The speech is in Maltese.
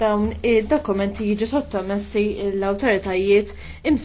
dawn id-dokumenti jiġu sottomessi l-awtoritajiet